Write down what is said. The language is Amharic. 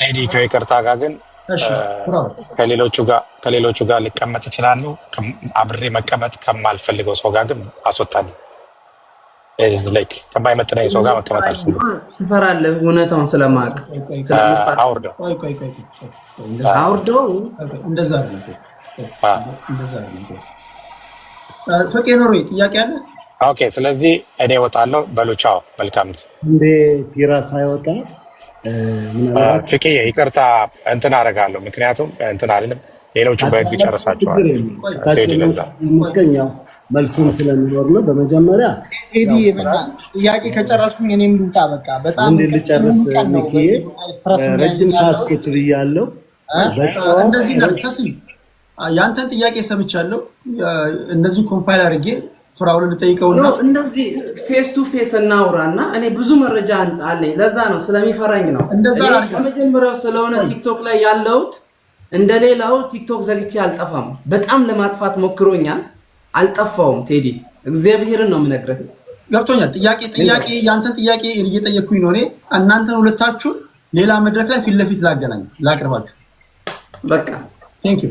ቴዲ ከይቅርታ ጋር ግን ከሌሎቹ ጋር ሊቀመጥ ይችላሉ። አብሬ መቀመጥ ከማልፈልገው ሰው ጋር ግን አስወጣለሁ። ከማይመጥነኝ ሰው ጋር መቀመጥ አልፈልግም። ትፈራለህ? እውነታውን ስለማቅ አውርደው አውርደው እንደዛ ፍቄ ኖሮ ጥያቄ አለ። ኦኬ፣ ስለዚህ እኔ እወጣለሁ። በሉ ቻው። መልካም እንዴት የራስ አይወጣ ፍቄ ይቅርታ እንትን አደርጋለሁ። ምክንያቱም እንትን አይደለም ሌሎቹ በህግ ጨረሳቸዋል። መልሱም ስለሚኖር ነው። በመጀመሪያ ጥያቄ ከጨረስኩኝ እኔም ልውጣ። በቃ በጣም ልጨርስ። ሚኬ፣ ረጅም ሰዓት ቁጭ ብያለሁ። እንደዚህ ያንተን ጥያቄ ሰምቻለሁ። እነዚህ ኮምፓይል አድርጌ ፍራውን ልጠይቀው ልጠይቀውና እንደዚህ ፌስ ቱ ፌስ እናውራ እና እኔ ብዙ መረጃ አለኝ። ለዛ ነው ስለሚፈራኝ ነው። ከመጀመሪያው ስለሆነ ቲክቶክ ላይ ያለሁት እንደሌላው ቲክቶክ ዘግቼ አልጠፋም። በጣም ለማጥፋት ሞክሮኛል፣ አልጠፋውም። ቴዲ እግዚአብሔርን ነው የምነግርህ። ገብቶኛል። ጥያቄ ጥያቄ ያንተን ጥያቄ እየጠየኩኝ ነው። እኔ እናንተን ሁለታችሁን ሌላ መድረክ ላይ ፊት ለፊት ላገናኝ ላቅርባችሁ። በቃ ቴንክ ዩ